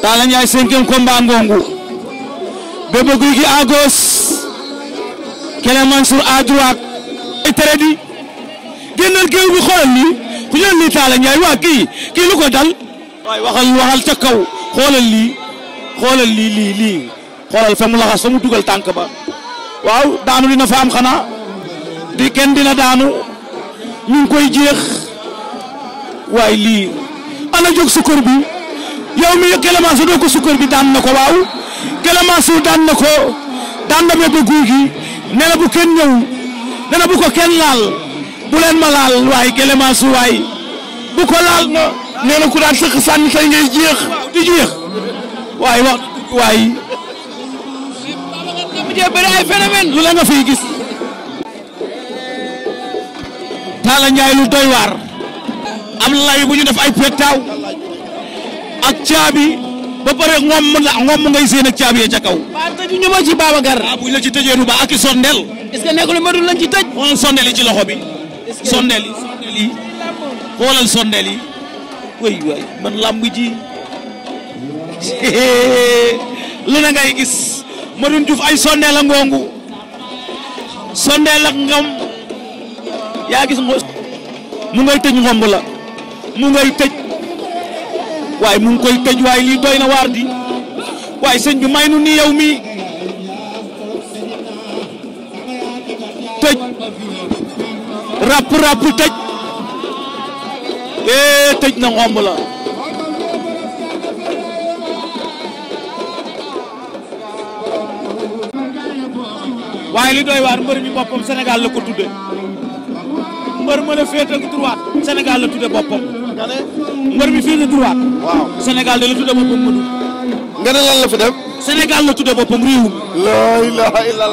Talla Ndiaye cinquième combat ngongu Bébé Gouy Gui à gauche Kele Mansour à droite itredi génnal géew bi xoolal lii ku ñëw lii Talla waa kii kii lu ko dal waaye waxal waxal ca kaw xoolal lii xoolal lii lii lii xoolal fa mu laxas fa mu dugal tànk ba waaw daanu dina fa xanaa di kenn dina daanu ñu koy jeex waaye lii ana jóg sukkur bi yow mi Clémenceau doo ko sukkër bi daan na ko waaw Clémenceau daan na ko daan na bébé guy gi nee bu kenn ñëw nee bu ko kenn laal bu leen ma laal waay Clémenceau waay bu ko laal na nee ku daan sëq sànni tey ngay jeex di jeex waay wax waay jee bëri nga fiy gis Talla Ndiaye lu doy waar am lay bu ñu def ay ak caabi ba pare ngoom la ngoom ngay seen ak caabi ya ca kaw. waaw tëju ñu ma ci Babacar. ah buñ la ci tëjee du ba ak i sondel. est-ce que nekkul lañ ci tëj. xoolal sondel ci loxo bi. est-ce que sondel yi sondel yi xoolal sondel yi. way way man ngay gis madun Diouf ay sondel la ngongu sondeel ak ngam yaa gis mu ngay tëj ngomb la mu ngay tëj. waaye mu ngi tëj waaye lii doy na waar di waaye sëñ bi may nu ni yow tëj rap rap tëj ee eh, tëj na ngomb la waaye li doy waar mbër mi boppam Sénégal la ko tudde mbër ma la féete ak droite Sénégal la tudde boppam nga ne. mbër mi fii la droit. waaw Sénégal de la tudde boppam Modou. nga ne lan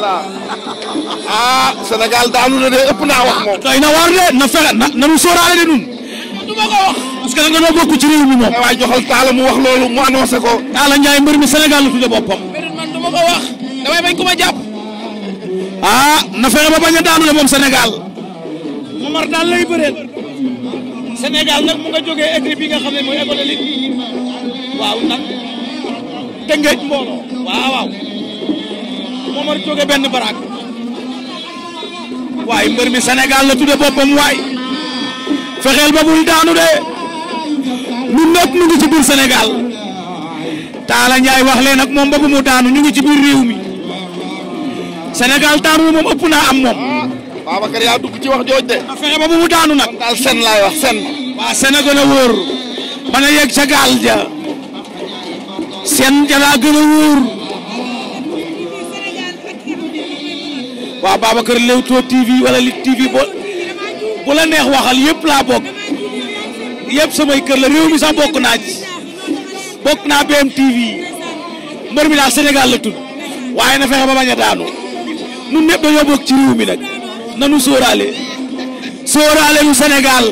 la ah, daanu na de ëpp naa wax moom. doy na war de na fexe na na de ñun. du ma nga noo bokk ci réew mi moom. waaye joxal Talla mu wax loolu mu annoncé ko. Talla Ndiaye mbër mi Sénégal la tudde boppam. man du ma ko bañ ku ma jàpp. Ah, na fexe ba bañ a daanu de moom Sénégal. Momar daal lay bëreel. Sénégal nag mu nga jógee équipe bi nga xam ne mooy école de lutte waaw nag tëngeej mbooloo waaw waaw moom a jóge benn baraak waaye mbër mi Sénégal la tudde boppam waay fexeel ba bul daanu de lu nekk mu ngi ci biir Sénégal Talla Ndiaye wax leen moom ba bu mu daanu ñu ngi ci biir réew mi Sénégal taanu moom ëpp naa am moom Babacar yaa dugg ci wax jooj de. nga fexe ba bu mu daanu nag. sen laay wax sen. waaw sen a gën a wóor. mën a yegg ca gaal ja. sen ja laa gën a wóor. waaw Babacar Leewtoo TV wala Lutte TV bo bu la neex waxal yépp laa bokk yëpp samay kër la réew mi sax bokk naa ci bokk mbër mi daal Sénégal la tudd waaye na fexe ba bañ a daanu nun ñëpp dañoo bokk ci réew mi nag. nanu sóoraale sóoraale nu Sénégal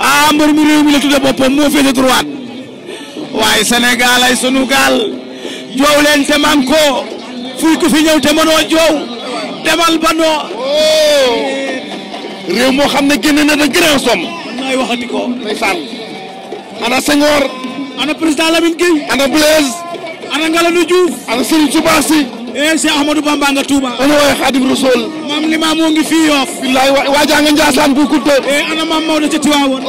ah mbër réew mi la tudde boppam moo féete droite waaye Sénégal ay sunu gaal te man fuy ko fi te mënoo joow demal ba noo oh. réew moo xam ne génne na de grand somme nay waxati ko ndeysaan ana Senghor ana président Lamine Gueye ana Blaise ana Ngalandou Diouf ana Serigne Touba eh Cheikh Ahmadou Bamba nga Touba. ana waay Xaadim Rasul. maam limaam moo ngi fii Yoof. waajaa nga Njaasaan bu kutte. eh ana maam Maodo ca Tiwaawoon. bu oh,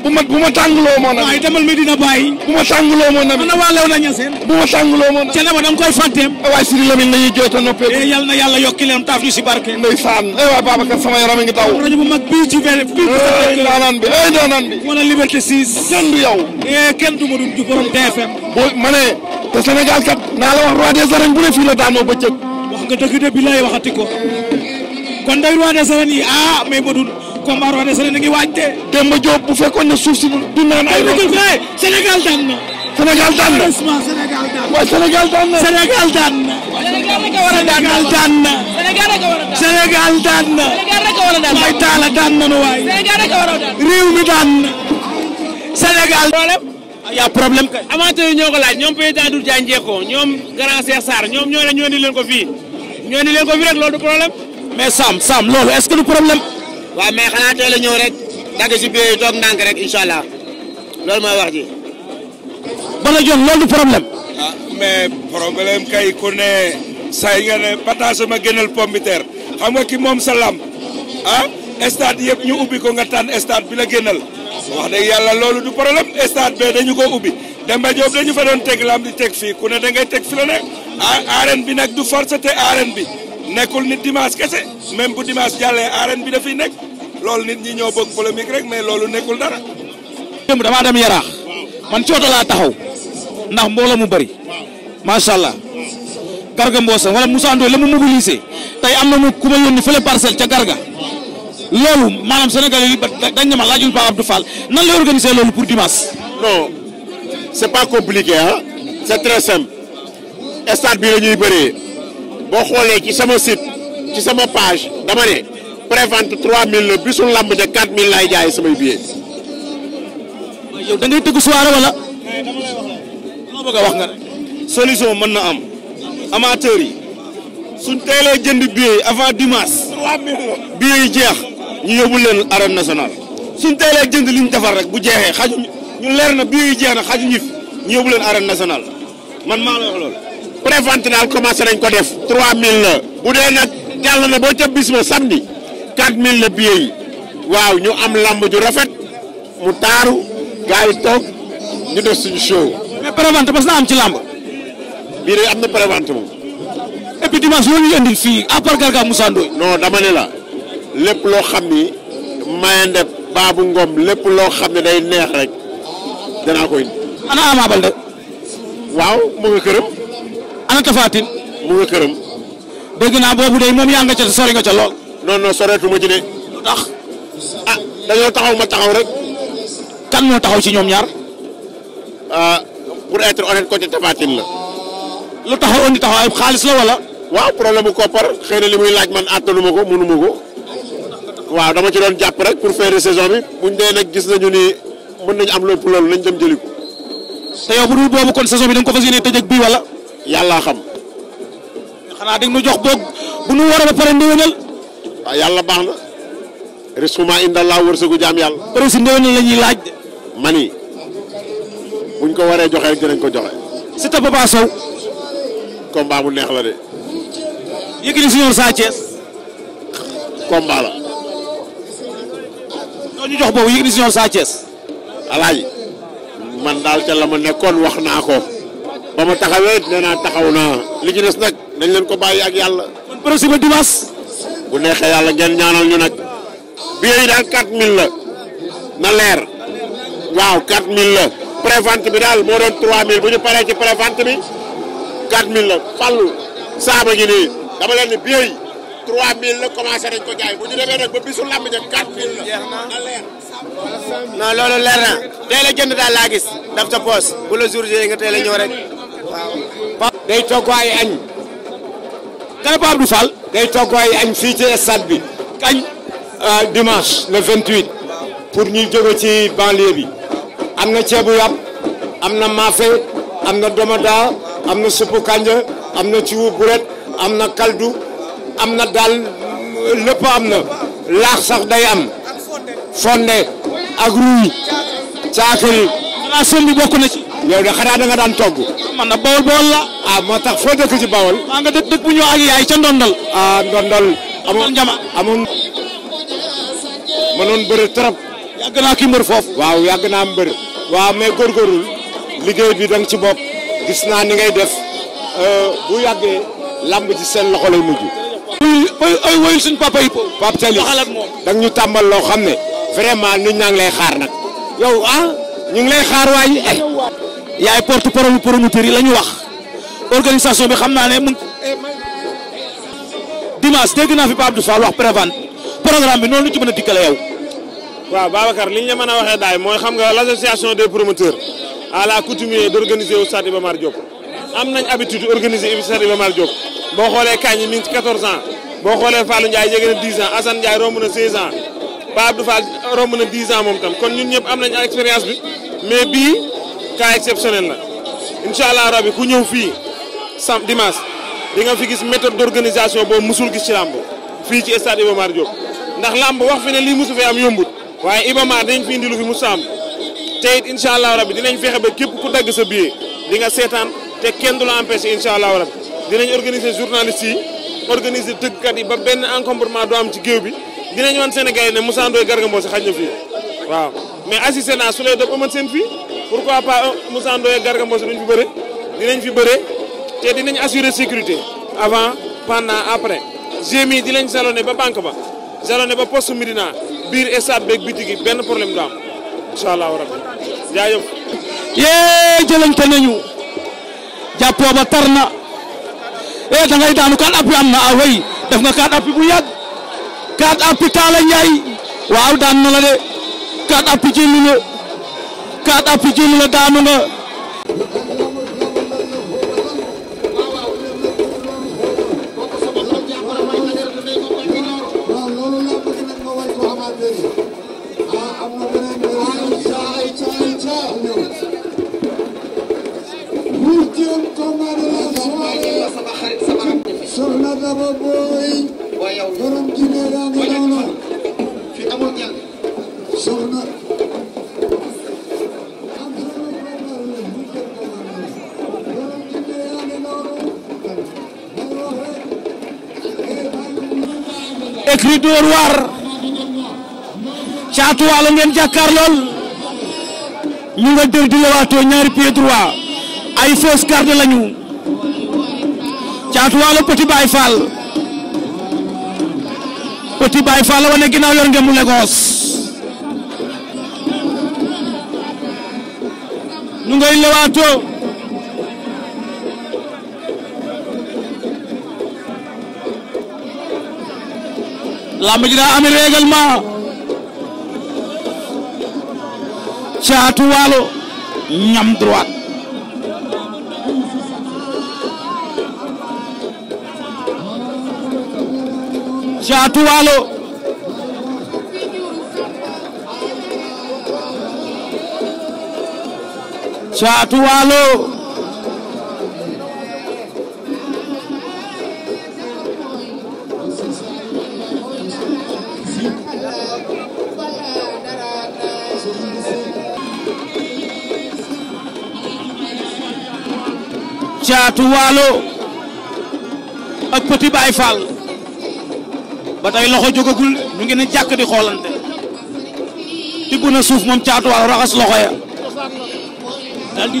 bu ma tàngaloo moo nag. waaye demal Medina bu ma tàngaloo moo nag. ana waa Léona Niassène. bu ma tàngaloo moo nag. ca dama eh, noppee. eh yal na yàlla yokki leen taaf ñu si barke. ndeysaan eh waay Babacar sama yaram a ngi taw. rajo bu mag bii ci eh, bi eh ndaanaan bi. wala Liberté 6. kenn du yow. Eh, du ma dugg te Sénégal kat naa la wax roi des arènes bu ne fii la daanoo bëccëg. wax nga dëgg de billaay kon day roi des arènes yi ah mais Modou combat roi des arènes da ngi waaj de. Demba Diop bu fekkoon ne suuf si du naan ay. Sénégal daan na. Sénégal daan na Sénégal daan na. waay taala daan na nu y' a problème kay. amateur yi ñoo ko laaj ñoom président Doudou Diagne Diecko ñoom grand Cheikh ñoom ñoo ñoo ni leen ko fii ñoo ni leen ko fii rek loolu du problème. mais Sam Sam loolu est ce que du problème. waaw mais xanaa teel a rek dagg si biir toog ndànk rek incha allah loolu wax ji. Bada Dione loolu du problème. ah mais problème kay ku ne saa yi nga ne pataas ma gënal pombiteer xam nga moom sa lamb ah stade yëpp ñu ubbi ko nga tànn stade bi la gënal. wax dëgg yàlla loolu du problème stade bi dañu ko ubbi Demba Diop dañu fa doon teg am di teg fii ku ne da ngay teg fi la nekk arène bi nag du force te arène bi nekkul nit dimanche kese même bu dimanche jàllee arène bi dafiy nekk lool nit ñi ñoo bëgg polémique rek mais loolu nekkul dara. démb damaa dem yaraax man cooto laa taxaw ndax mbooloo mu bëri macha allah garga mboosa wala Moussa Ndoye la mu mobilisé tey am na mu ku ma yónni fële parcelle ca garga. loolu maanaam sénégalais yi dañ ne ma laajul Pape Abdou Fall nan lay organiser loolu pour dimanche. non c'est pas compliqué ah. c'est très simple. stade bi la ñuy boo xoolee ci sama site ci sama page dama ne prévente 3000 la bisu lamb ja 4000 laay jaay samay billets. yow da ngay tëgg soirée wala. solution mën na am amateur yi su teelee jënd billet avant dimanche. 3000 yi jeex. ñu yóbbu leen arène nationale suñ teelee jënd liñ defar rek bu jeexee xaju ñu leer na bii jeex na xaju ñif ñu yóbbu leen arène nationale man maa la wax loolu. prévente daal commencé nañ ko def. 3000 la. bu dee nag jàll na boo ca bis ba samedi 4000 la billet yi waaw ñu am làmb ju rafet mu taaru gars yi toog ñu def suñu show. mais prévente bas na am ci lamb. bii am na prévente moom. et puis dimanche loolu ñu indil fii à part Garga Moussa Ndoye. dama ne lépp loo xam ni Mayende Babou ngoom lépp loo xam ne day neex rek dana koy indi. ana Ama Baldé. waaw mu nga këram. ana Tapha mu nga këram. dégg naa boobu de moom yaa nga ca sori nga ca lool. non non soreetu ma ci de. ndax ah dañoo taxaw ma taxaw rek. kan moo taxaw ci ñoom ñaar. Ah, pour être honnête côté Tapha Tine la. lu taxaw indi taxaw ay xaalis la wala. waaw problème mu koppar xëy na li muy laaj man àttanu ko mënu ma ko. waaw dama ci doon jàpp rek pour faire saison bi buñ dee nag gis nañu ni mën nañu am lépp loolu nañ dem jëli ko. te yow bu dul boobu kon saison bi da ko fas yéene tëj ak bii wala. yàlla xam. xanaa dañ nu jox boog bu nu war pare ndéwénal. waaw yàlla baax na. risquement indallah wërsëgu jaam yàlla. pare si ndéwénal la ñuy laaj. mani buñ ko waree joxe rek dinañ ko joxe. si ta Papa Sow. combat bu neex la de. yëg ni si ñoom Sa Thiès. combat soo ñu jox boobu Yékini Junior Sa Thiès man daal ca la ma nekkoon wax naa ko ba ma taxawee nee naa taxaw na li ci des nag nañ leen ko bàyyi ak yàlla. kon prochain dimanche. bu neexee yàlla ngeen ñaanal ñu nag. billet yi daal 4000 la na leer waaw 4000 la prévente bi daal moo doon 3000 bu ñu paree ci prévente bi 4000 la fàllu saaba gi nii dama leen ni billet 3000 la commencé nañ ko jaay bu ñu demee nag ba bisu làmb ja 4000 la. na loolu leer na a jënd daal laa gis daf ta poos bu la jour nga teel a ñëw rek day togg ay añ. kër Pape Abdou Fall. day togg ay añ fii ci stade bi. kañ euh, dimanche le 28. pour ñuy jóge ci banlieue bi. am na ceebu yàpp am na maafe am na domoda am na suppu kanja am na ciwu buret am na kaldu. am na daal lépp am na laax sax day am fonde ak ruy caakiri xanaa sëñ bi bokk na ci yow de xanaa da daan togg man na bawol bawol la ah moo tax foo dëkk ci bawol maa nga dëkk dëkk bu ñëw ak yaay ca ndondol ah ndondol amoon njama amoon mënoon bëri trop yàgg naa ki mbër foofu waaw na am mbër waaw me góorgóorlu liggéey bi da ci bokk gis naa ni ngay def euh, bu yàggee lamb ci seen loxo lay mujj ay wayul suñ papa yi. Pape Saly da ñu tàmbal loo xam ne vraiment nit ñaa ngi lay xaar nag. yow ah ñu ngi lay xaar waaye ay. yaay porte parole promoteur yi la ñu wax. organisation bi xam naa ne mu. dimanche dégg naa fi Pape Abdou Fall wax prévente programme bi noonu lu ci mën a dikkale yow. waaw Babacar li ñu la mën a waxee daay mooy xam nga l' association des promoteurs à la coutumier d' organiser au stade Iba Mar Diop. am nañ habitude organiser universitaire Iba Mar Diop boo xoolee Kañ mi ngi ci 14 ans boo xoolee Fallou Ndiaye jege na 10 ans Assane Ndiaye romb na 16 ans Pape Abdou Fall romb na 10 ans moom tam kon ñun ñëpp am nañ expérience bi mais bii cas exceptionnel la incha allah rabbi ku ñëw fii sam dimanche di nga fi gis méthode d'organisation boo musul gis ci làmb fii ci stade Iba Mar ndax làmb wax fi ne lii musu fi am yombut waaye Iba Mar dinañ fi indi lu fi musu am te incha allah rabbi dinañ fexe ba képp ku dagg sa billet di nga seetaan. te kenn du la empêché incha allahu rabi dinañ organiser journalistes yi organiser tëggkat ba benn encombrement du ci géew dinañ wan Sénégal ne Moussa Ndoye Garga Mbossé xaj na fii waaw mais assisté naa su lay def amat seen fii pourquoi pas euh, Moussa Ndoye Garga Mbossé duñ fi bëre dinañ fi bëre te dinañ assurer sécurité avant pendant après GMI dinañ jalonné ba banque ba jalonné ba poste Médina biir stade beeg bitig yi benn problème du am incha allahu rabi jàppoo ba tar na eh daanu kaat appi am na ah way def nga kaat appi bu yàgg kaat appi Talla Ndiaye waaw daan na de kaat appi jëli la kaat appi jëli la daanu nga. ngeen jàkkaar lool ñu nga dër di lewaatoo ñaari pied droit ay fausse garde lañu Caatu Waalo Petit Baye Fall Petit Baye Fall la wane ginnaaw yor ngeen mu Lagos ñu ngay lewaatoo lamb ji daa amee caatu waalo ñam droite caatu caatu waalo ak petit Baye Fall ba tey loxo jógagul ñu ngi ne jàkk di xoolante tibb na suuf moom caatu raxas loxo ya daal di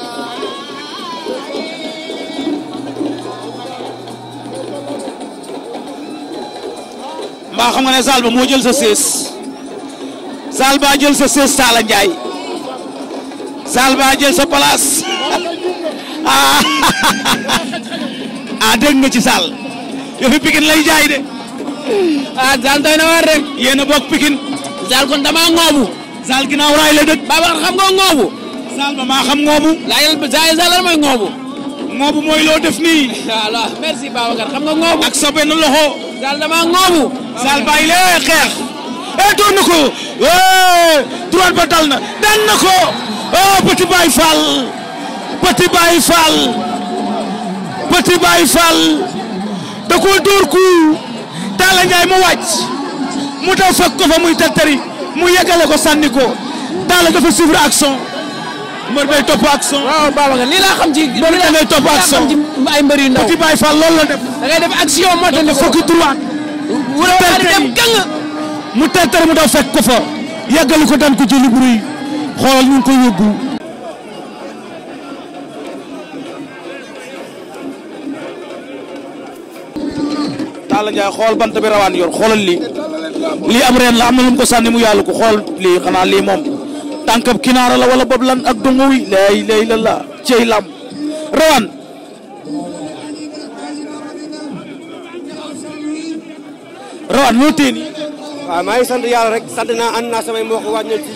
a xam nga ne Zalba moo jël sa sees Zalba jël sa sees Talla jël sa place ah. ah dégg nga ci Zal yëfi Pikine lay jaay de ah Zal doy waar rek yéen a bokk Pikine Zal kon ngoobu Zal ginnaaw raay la dëkk Babacar xam nga ngoobu Zal ba maa xam ngoobu laay Zal lan mooy ngoobu ngoobu mooy loo def nii voilà merci Babacar xam nga ngoobu ak sa benn loxo Zal dama ngoomu. Zal bàyyi lee xeex. eh door na ko. Eh, droite ba dal na dal na ko. oh Petit Baye Fall. Petit Baye ku. Talla Ndiaye mu wàcc. mu daw fekk ko fa muy tëttëri mu yegale ko sànni ko. Talla dafa suivre mbër day topp ak son. waaw Babacar lii laa xam ci. mbër day lii laa xam ci ay mbër yu ndaw. Petit Baye Fall loolu la def. da def action moo tax ne ko fukki droit. wala dem gàng mu tëntër mu daw fekk ko fa. yàggali ko daan ko ci libru xoolal ñu ngi koy yóbbu. Talla Ndiaye xool bant bi rawaan yor xoolal lii lii am reen la am na lu mu ko sànni mu yàlla ko xool lii xanaa lii moom tànkab kinaara la wala bob lan ak dunguy lay lay la la cey lam rawan rawan loo teeni waaw maa ngi sant yàlla rek sant na ànd naa samay mbokk waaj nañ ci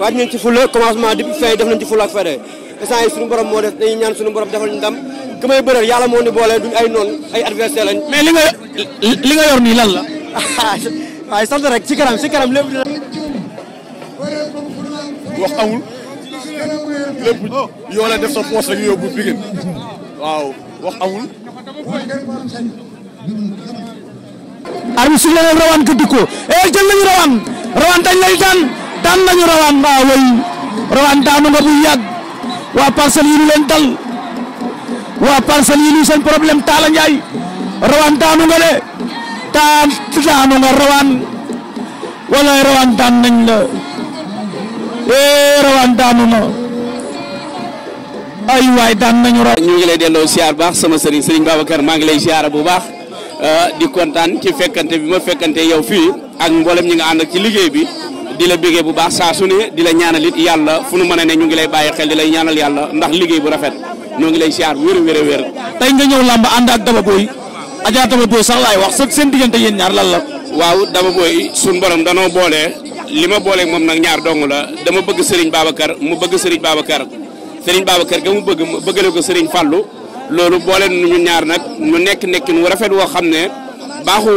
waaj nañ ci fulla commencement def nañ ci fulla ak fere instant yi suñu borom moo def dañuy ñaan suñu borom defal ñu dam ku may bëral yàlla moo ni boole duñ ay noon ay adversaire lañ mais li nga li nga yor nii lan la waaye sant rek ci kanam ci kanam lépp wax amul lépp yoo la def sa poos rek yóbbu eh, jël nañu rawaan rawaan dañ lay daan daan nañu rawaan waaw way rawaan daanu nga bu yàgg waa parcelle yi leen dal waa parcelle yi ñu seen problème Talla Ndiaye nga de daan daanu nga rawaan wala rawaan daan nañ la. ee daanu na ay waay daan nañu ra ñu ngi lay delloo siyaar baax sama sëriñ sëriñ Babacar maa ngi lay siyaara bu baax euh, di kontaan ci fekkante bi ma fekkante yow fii ak mboolem ñi nga ànd ci liggéey bi di la bégee bu baax saa su ne di la ñaanal it yàlla fu nu mën a ne ñu ngi lay bàyyi xel di lay ñaanal yàlla ndax liggéey bu rafet ñoo ngi lay siyaar wér wér wér tey nga ñëw làmb ànd ak Daba Boye Adja Daba Boye sax laay wax seen diggante yéen ñaar lan la waaw Daba Boye suñu borom danoo boole li ma booleeg moom na ñaar dong la dama bëgg sëriñ Babacar mu bëgg Serigne Babacar Serigne Babacar ga mu bëgg mu bëggale ko Serigne Fallou loolu boole nu ñu ñaar nag ñu nekk nekkin wu rafet woo xam ne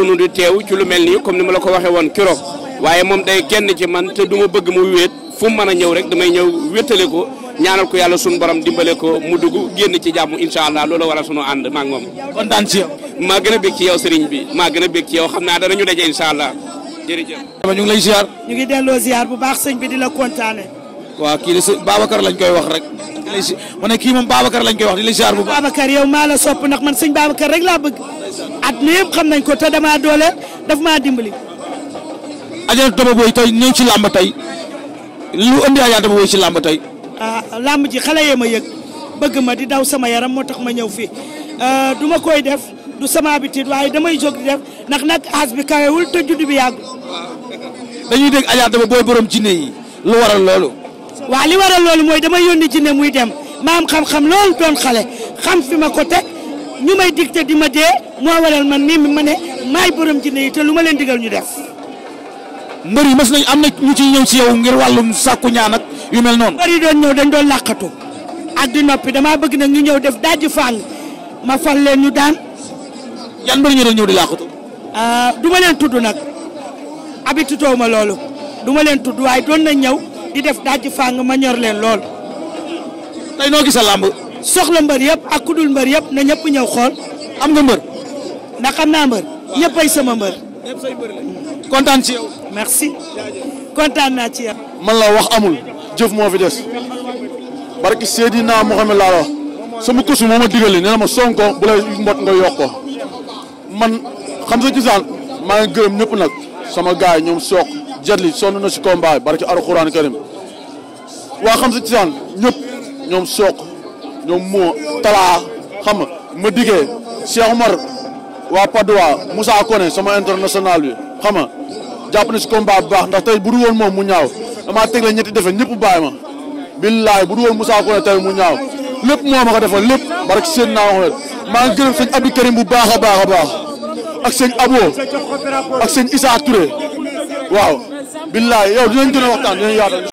nu di teew ci lu mel nii comme ni ma la ko waxee woon keroog waaye moom day kenn ci man te du ma bëgg mu wéet fu mu mën a ñëw rek damay ñëw wéttale ko ñaanal ko yàlla sunu borom dimbale ko mu dugg génn ci jàmm incha allah loolu war a sunu ànd maak moom. kontaan ci gën a bég ci yow Serigne bi maa gën a ci yow xam naa danañu daje incha allah. jërëjëf. ñu ngi lay ziar. ñu ngi delloo ziar bu baax sëñ bi di la kontaane. waaw kii la sëñ Babacar lañ koy wax rek. di ma ne kii moom Babacar lañ koy wax di lay ziar bu baax. Babacar yow maa la sopp ndax man sëñ Babacar rek laa bëgg. at mi yëpp xam nañ ko te damaa doole daf maa dimbali. Adja Daba Boye tey ñëw ci làmb tey lu indi Adja Daba Boye ci làmb tey. ah làmb ji xale yee ma yëg bëgg ma di daw sama yaram moo tax ma ñëw fii euh, du ma koy def. du sama habitude waaye damay jog di def ndax nag aas bi wul te judd bi yàggul. dañuy dégg Adja Daba booy borom jinne yi lu waral loolu. waaw li waral loolu mooy damay yónni jinne muy dem maam am xam-xam loolu doon xale xam fi ma ko teg ñu may te di ma dee moo waral man mii ma ne maay borom jinne yi te lu ma leen digal ñu def. mbër yi mas nañ am na ñu ciy ñëw ci yow ngir wàllum sàkku ñaan ak yu mel noonu. mbër yi doon ñëw dañ doon làqatu ak di damaa bëgg nag ñu ñëw def daaj fang ma fal leen ñu yan mbir ñu doon ñëw di làqatu. Ah, du ma leen tudd nag habitude ma loolu duma leen tudd waaye doon na ñëw di def dajji fàng ma ñor leen lool. tey noo gisa làmb soxla mbër yëpp ak kudul mbër yëpp na ñëpp ñëw xool. am nga mbër. ndax xam naa mbër. ñëpp ay sama mbër. kontaan ci yow. kontaan naa ci man la wax amul jëf moo fi des naa moo xam laa wax sama kosu moo a digal nee na ma sonko bu lay mbot nga yokko man xam sa cosaan maa ngi gërëm ñëpp nag sama gars yi ñoom sook jetli sonn na si combat barki alxuraan karim waa xam sa cosaan ñëpp ñoom sook ñoom moo talaa xam nga ma diggee Cheikh Omar waa Padoa Moussa Koné sama international bi xam nga jàpp na si combat bu baax ndax tey bu woon moom mu ñaaw damaa teg la ñetti defe ñëpp bàyyi ma billaay bu dul woon Moussa mu ñaaw lépp moo ma ko defal lépp barki seen naa wax maa ngi gërëm sëñ Abdou Karim bu baax a baax a baax ak sëñ Abo ak sëñ Issa waaw billaay yow dinañ gën waxtaan dinañ yaatal.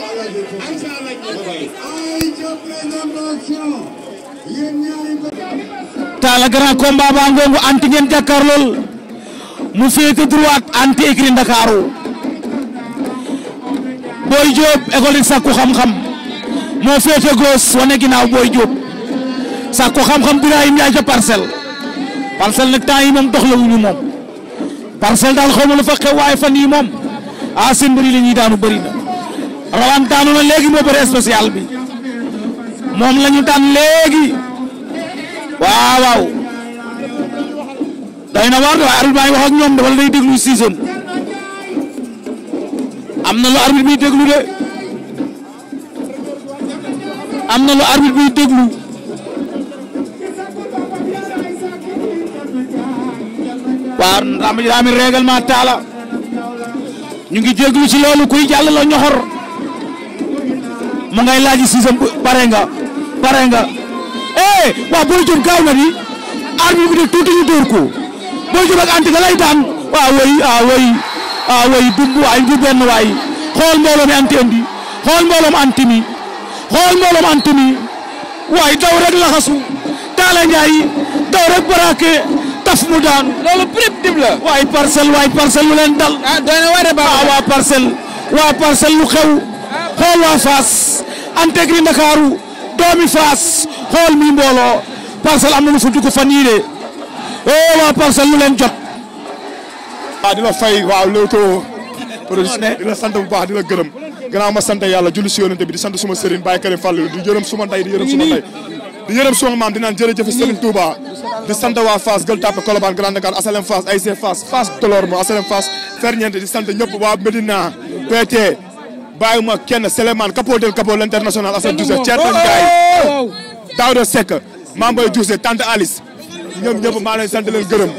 Talla grand combat baa ngongu anti ngeen jàkkaar lool mu féete droite anti écrit Ndakaaru Boy Diop école di sakku xam-xam moo féete gauche wane ginnaaw Boy Diop. sàkku xam-xam Birahim Ndiaye ca parcelle parcelle nag temps yi moom dox la wuñu moom parcelle daal xaw ma fa xew waaye fan yii moom ah seen daanu bëri na rawaan na léegi moo bëri spécial bi moom la ñu daan léegi waaw waaw na waar waaye arbitre baa ngi wax ak day déglu sixième am am na lu arbitre biy déglu. waar lamb ji taala ñu ngi jéglu ci loolu kuy jàll la ñoxor mu ngay laaji sixième pare nga pare nga eh, booy jub gaaw na di arbitre bi de tuuti ñu dóor ko booy jub ak anti ga lay daan waaw way ah waay du benn xool mbooloo anti indi xool mbooloo anti mi xool mbooloo anti mi waay daw laxasu taala njaay baraake taf mu daanu. loolu prime dib la. waay parcelle waay parcelle lu leen dal. ah doy na waay de baax waa parcelle. waa parcelle lu xew. xool waa Fass. antegri Ndakaaru. doomi Fass. xool mi mbooloo. parcelle am na lu fa dugg fan yii de. eh waa lu leen jot. waaw di la fay waaw Leewtoo. production di la sant bu baax di la gërëm. gannaaw ma sant yàlla julli si yonent bi di sant suma sëriñ Baye Karim Fall di yërëm suma nday di yërëm suma nday. di yërëm suma maam di naan jërëjëf Serigne Touba di sant waa Fass Gueule Tapée Colobane Grand Dakar Asalem Fass AIC Fass Fass Delorme Asalem Fass Ferñeent di sant ñëpp waa Medina PT bàyyiwuma kenn Souleymane Capo del Capo l'international Assane Diouf Thierno Ndiaye Daouda Seck Mame Boye Diouf Tante Alice ñoom ñëpp maa leen sant leen gërëm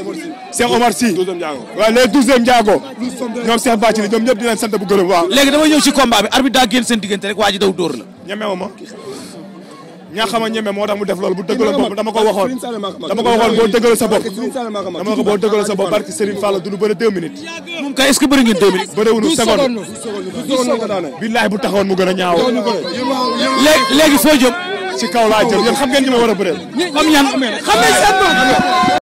Cheikh Omar Sy waaw les douzième Ndiago ñoom Cheikh Bathily ñoom ñëpp di leen sant bu gërëm waa ji ñaa xam a ñeme moo tax mu def loolu bu dëggaloon bopp ko waxoon dama ko waxoon boo dëggaloon sa bopp dama ko boo dëggaloon sa bopp barke Serigne Fall duñu bëri deux minutes moom kay est-ce que bëri ngeen deux minutes bëriwuñu seconde bu taxawoon mu gën a ñaaw léegi foo ci kaw laa jëm xam ngeen ñi war a bëreel xam ñan xam ngeen seen